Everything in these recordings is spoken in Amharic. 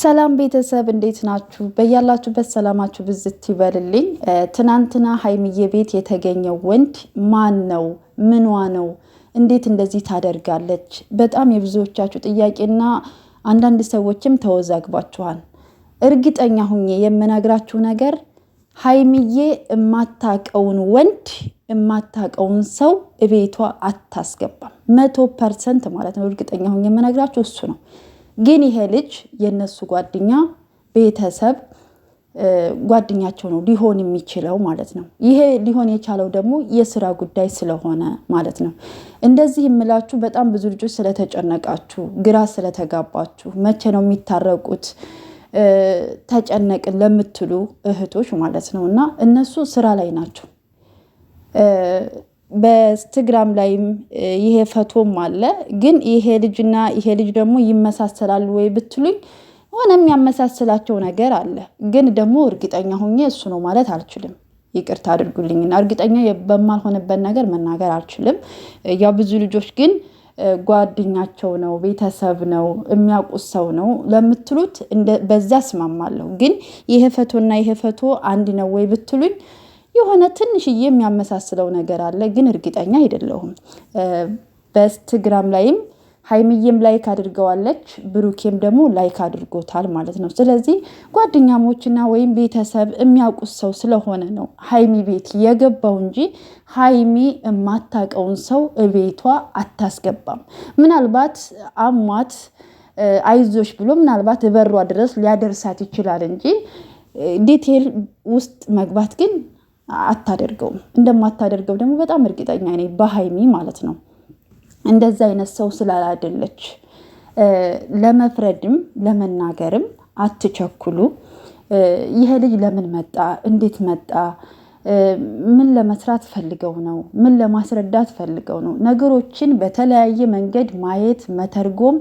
ሰላም ቤተሰብ እንዴት ናችሁ? በያላችሁበት ሰላማችሁ ብዝት ይበልልኝ። ትናንትና ሀይምዬ ቤት የተገኘው ወንድ ማን ነው? ምኗ ነው? እንዴት እንደዚህ ታደርጋለች? በጣም የብዙዎቻችሁ ጥያቄና አንዳንድ ሰዎችም ተወዛግባችኋል። እርግጠኛ ሁኜ የምነግራችሁ ነገር ሀይምዬ የማታቀውን ወንድ የማታቀውን ሰው እቤቷ አታስገባም። መቶ ፐርሰንት ማለት ነው። እርግጠኛ ሁኜ የምነግራችሁ እሱ ነው። ግን ይሄ ልጅ የእነሱ ጓደኛ ቤተሰብ ጓደኛቸው ነው ሊሆን የሚችለው ማለት ነው። ይሄ ሊሆን የቻለው ደግሞ የስራ ጉዳይ ስለሆነ ማለት ነው። እንደዚህ የምላችሁ በጣም ብዙ ልጆች ስለተጨነቃችሁ፣ ግራ ስለተጋባችሁ፣ መቼ ነው የሚታረቁት ተጨነቅን ለምትሉ እህቶች ማለት ነው እና እነሱ ስራ ላይ ናቸው። በኢንስታግራም ላይም ይሄ ፈቶም አለ። ግን ይሄ ልጅና ይሄ ልጅ ደግሞ ይመሳሰላሉ ወይ ብትሉኝ ሆነ የሚያመሳስላቸው ነገር አለ። ግን ደግሞ እርግጠኛ ሆኜ እሱ ነው ማለት አልችልም። ይቅርታ አድርጉልኝና እርግጠኛ በማልሆንበት ነገር መናገር አልችልም። ያው ብዙ ልጆች ግን ጓደኛቸው ነው፣ ቤተሰብ ነው፣ የሚያውቁት ሰው ነው ለምትሉት በዛ እስማማለሁ። ግን ይሄ ፈቶና ይሄ ፈቶ አንድ ነው ወይ ብትሉኝ የሆነ ትንሽዬ የሚያመሳስለው ነገር አለ፣ ግን እርግጠኛ አይደለሁም። በኢንስትግራም ላይም ሀይሚዬም ላይክ አድርገዋለች፣ ብሩኬም ደግሞ ላይክ አድርጎታል ማለት ነው። ስለዚህ ጓደኛሞችና ወይም ቤተሰብ የሚያውቁት ሰው ስለሆነ ነው ሀይሚ ቤት የገባው እንጂ ሀይሚ የማታውቀውን ሰው ቤቷ አታስገባም። ምናልባት አሟት አይዞች ብሎ ምናልባት በሯ ድረስ ሊያደርሳት ይችላል እንጂ ዲቴል ውስጥ መግባት ግን አታደርገውም። እንደማታደርገው ደግሞ በጣም እርግጠኛ ነኝ፣ በሀይሚ ማለት ነው። እንደዛ አይነት ሰው ስላላደለች ለመፍረድም ለመናገርም አትቸኩሉ። ይሄ ልጅ ለምን መጣ? እንዴት መጣ? ምን ለመስራት ፈልገው ነው? ምን ለማስረዳት ፈልገው ነው? ነገሮችን በተለያየ መንገድ ማየት፣ መተርጎም፣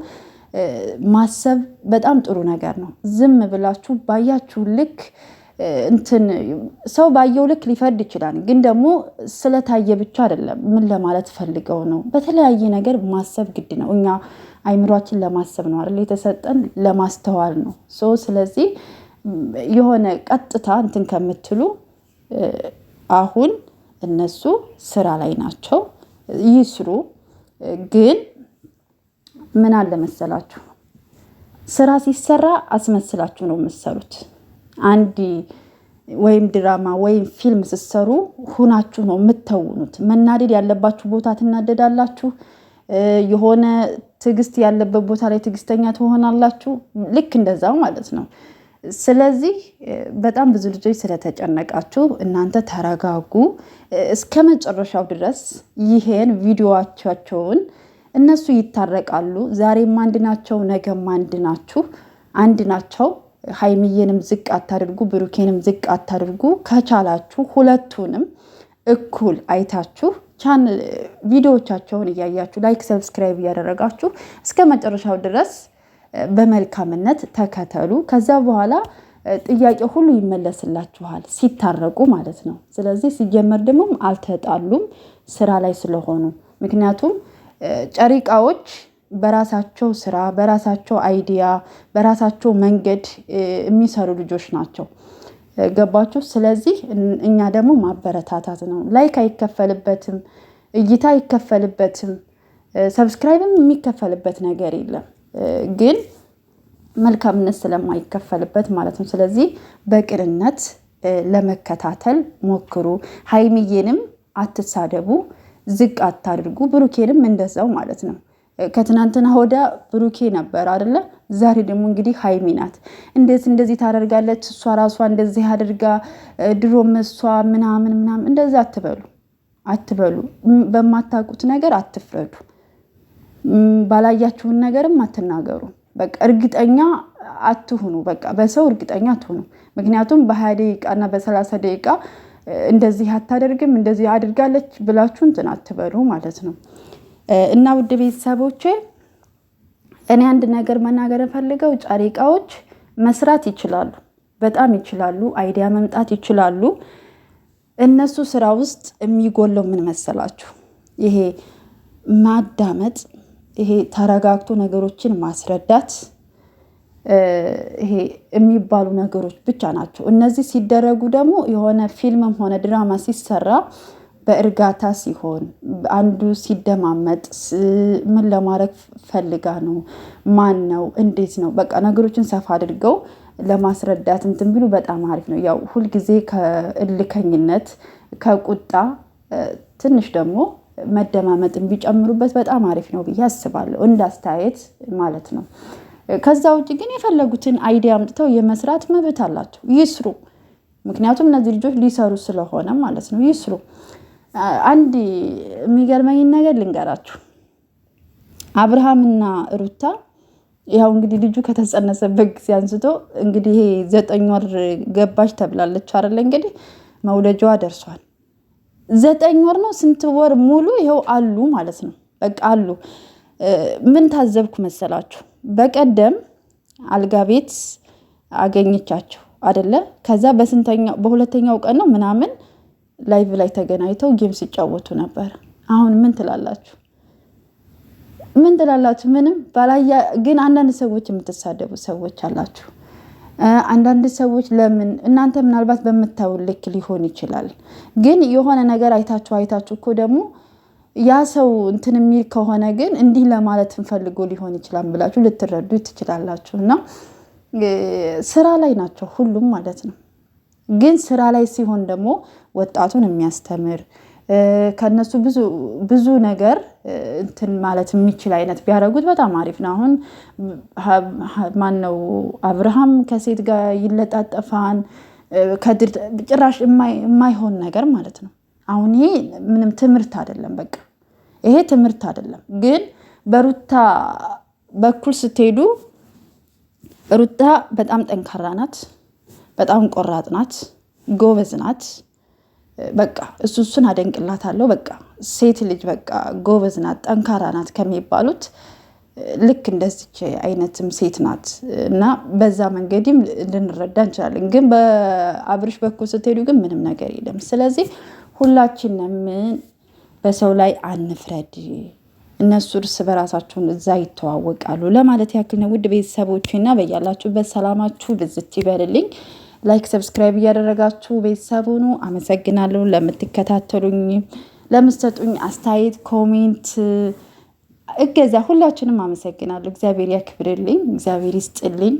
ማሰብ በጣም ጥሩ ነገር ነው። ዝም ብላችሁ ባያችሁ ልክ እንትን ሰው ባየው ልክ ሊፈርድ ይችላል። ግን ደግሞ ስለታየ ብቻ አይደለም። ምን ለማለት ፈልገው ነው? በተለያየ ነገር ማሰብ ግድ ነው። እኛ አይምሯችን ለማሰብ ነው አይደል? የተሰጠን ለማስተዋል ነው። ስለዚህ የሆነ ቀጥታ እንትን ከምትሉ አሁን እነሱ ስራ ላይ ናቸው፣ ይስሩ። ግን ምን አለ መሰላችሁ ስራ ሲሰራ አስመስላችሁ ነው የምትሰሩት። አንድ ወይም ድራማ ወይም ፊልም ስትሰሩ ሁናችሁ ነው የምትተውኑት። መናደድ ያለባችሁ ቦታ ትናደዳላችሁ። የሆነ ትዕግስት ያለበት ቦታ ላይ ትዕግስተኛ ትሆናላችሁ። ልክ እንደዛ ማለት ነው። ስለዚህ በጣም ብዙ ልጆች ስለተጨነቃችሁ እናንተ ተረጋጉ። እስከ መጨረሻው ድረስ ይሄን ቪዲዮቻቸውን እነሱ ይታረቃሉ። ዛሬም አንድ ናቸው፣ ነገም አንድ ናችሁ፣ አንድ ናቸው። ሀይሚዬንም ዝቅ አታድርጉ፣ ብሩኬንም ዝቅ አታድርጉ። ከቻላችሁ ሁለቱንም እኩል አይታችሁ ቻን ቪዲዮዎቻቸውን እያያችሁ ላይክ፣ ሰብስክራይብ እያደረጋችሁ እስከ መጨረሻው ድረስ በመልካምነት ተከተሉ። ከዛ በኋላ ጥያቄ ሁሉ ይመለስላችኋል፣ ሲታረቁ ማለት ነው። ስለዚህ ሲጀመር ደግሞ አልተጣሉም ስራ ላይ ስለሆኑ ምክንያቱም ጨሪቃዎች በራሳቸው ስራ፣ በራሳቸው አይዲያ፣ በራሳቸው መንገድ የሚሰሩ ልጆች ናቸው። ገባችሁ? ስለዚህ እኛ ደግሞ ማበረታታት ነው። ላይክ አይከፈልበትም፣ እይታ አይከፈልበትም፣ ሰብስክራይብም የሚከፈልበት ነገር የለም ግን መልካምነት ስለማይከፈልበት ማለት ነው። ስለዚህ በቅንነት ለመከታተል ሞክሩ። ሀይሚዬንም አትሳደቡ፣ ዝቅ አታድርጉ። ብሩኬንም እንደዛው ማለት ነው። ከትናንትና ሆዳ ብሩኬ ነበር አደለ? ዛሬ ደግሞ እንግዲህ ሀይሚ ናት። እንዴት እንደዚህ ታደርጋለች? እሷ ራሷ እንደዚህ አድርጋ ድሮም እሷ ምናምን ምናምን እንደዚህ አትበሉ አትበሉ። በማታውቁት ነገር አትፍረዱ። ባላያችሁን ነገርም አትናገሩ። በቃ እርግጠኛ አትሁኑ። በቃ በሰው እርግጠኛ አትሁኑ። ምክንያቱም በሀያ ደቂቃ እና በሰላሳ ደቂቃ እንደዚህ አታደርግም እንደዚህ አድርጋለች ብላችሁ እንትን አትበሉ ማለት ነው። እና ውድ ቤተሰቦቼ እኔ አንድ ነገር መናገር ፈልገው ጨሪቃዎች መስራት ይችላሉ፣ በጣም ይችላሉ፣ አይዲያ መምጣት ይችላሉ። እነሱ ስራ ውስጥ የሚጎለው ምን መሰላችሁ? ይሄ ማዳመጥ፣ ይሄ ተረጋግቶ ነገሮችን ማስረዳት፣ ይሄ የሚባሉ ነገሮች ብቻ ናቸው። እነዚህ ሲደረጉ ደግሞ የሆነ ፊልምም ሆነ ድራማ ሲሰራ በእርጋታ ሲሆን አንዱ ሲደማመጥ ምን ለማድረግ ፈልጋ ነው፣ ማን ነው፣ እንዴት ነው፣ በቃ ነገሮችን ሰፋ አድርገው ለማስረዳት እንትን ቢሉ በጣም አሪፍ ነው። ያው ሁልጊዜ ከእልከኝነት ከቁጣ ትንሽ ደግሞ መደማመጥን ቢጨምሩበት በጣም አሪፍ ነው ብዬ አስባለሁ፣ እንዳስተያየት ማለት ነው። ከዛ ውጭ ግን የፈለጉትን አይዲያ አምጥተው የመስራት መብት አላቸው፣ ይስሩ። ምክንያቱም እነዚህ ልጆች ሊሰሩ ስለሆነ ማለት ነው፣ ይስሩ። አንድ የሚገርመኝ ነገር ልንገራችሁ። አብርሃምና ሩታ ያው እንግዲህ ልጁ ከተጸነሰበት ጊዜ አንስቶ እንግዲህ ይሄ ዘጠኝ ወር ገባች ተብላለች አይደለ? እንግዲህ መውለጃዋ ደርሷል። ዘጠኝ ወር ነው ስንት ወር ሙሉ ይኸው አሉ ማለት ነው። በቃ አሉ። ምን ታዘብኩ መሰላችሁ? በቀደም አልጋ ቤት አገኘቻቸው አደለ? ከዛ በስንተኛው በሁለተኛው ቀን ነው ምናምን ላይቭ ላይ ተገናኝተው ጌም ሲጫወቱ ነበር። አሁን ምን ትላላችሁ? ምን ትላላችሁ? ምንም ባላያ ግን አንዳንድ ሰዎች የምትሳደቡ ሰዎች አላችሁ። አንዳንድ ሰዎች ለምን እናንተ ምናልባት በምታዩ ልክ ሊሆን ይችላል። ግን የሆነ ነገር አይታችሁ አይታችሁ እኮ ደግሞ ያ ሰው እንትን የሚል ከሆነ ግን እንዲህ ለማለት እንፈልጎ ሊሆን ይችላል ብላችሁ ልትረዱ ትችላላችሁ። እና ስራ ላይ ናቸው ሁሉም ማለት ነው። ግን ስራ ላይ ሲሆን ደግሞ ወጣቱን የሚያስተምር ከነሱ ብዙ ነገር እንትን ማለት የሚችል አይነት ቢያደርጉት በጣም አሪፍ ነው። አሁን ማነው አብርሃም ከሴት ጋር ይለጣጠፋን ከድር ጭራሽ የማይሆን ነገር ማለት ነው። አሁን ይሄ ምንም ትምህርት አይደለም፣ በቃ ይሄ ትምህርት አይደለም። ግን በሩታ በኩል ስትሄዱ ሩታ በጣም ጠንካራ ናት፣ በጣም ቆራጥ ናት፣ ጎበዝ ናት። በቃ እሱ እሱን አደንቅላታለሁ። በቃ ሴት ልጅ በቃ ጎበዝ ናት፣ ጠንካራ ናት ከሚባሉት ልክ እንደዚች አይነትም ሴት ናት እና በዛ መንገድም ልንረዳ እንችላለን። ግን በአብርሽ በኩል ስትሄዱ ግን ምንም ነገር የለም። ስለዚህ ሁላችንም በሰው ላይ አንፍረድ። እነሱ እርስ በራሳቸውን እዛ ይተዋወቃሉ ለማለት ያክል ነው። ውድ ቤተሰቦች እና በያላችሁበት ሰላማችሁ ብዝት ይበልልኝ። ላይክ፣ ሰብስክራይብ እያደረጋችሁ ቤተሰብ ሁኑ። አመሰግናለሁ። ለምትከታተሉኝ፣ ለምትሰጡኝ አስተያየት፣ ኮሜንት፣ እገዛ ሁላችንም አመሰግናለሁ። እግዚአብሔር ያክብርልኝ፣ እግዚአብሔር ይስጥልኝ።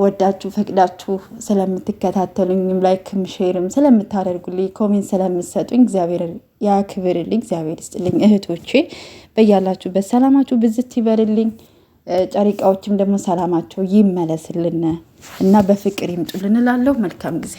ወዳችሁ ፈቅዳችሁ ስለምትከታተሉኝም ላይክም ሼርም ስለምታደርጉልኝ ኮሜንት ስለምትሰጡኝ እግዚአብሔር ያክብርልኝ፣ እግዚአብሔር ይስጥልኝ። እህቶቼ በያላችሁበት ሰላማችሁ ብዝት ይበልልኝ። ጨሪቃዎችም ደግሞ ሰላማቸው ይመለስልን እና በፍቅር ይምጡልን እላለሁ። መልካም ጊዜ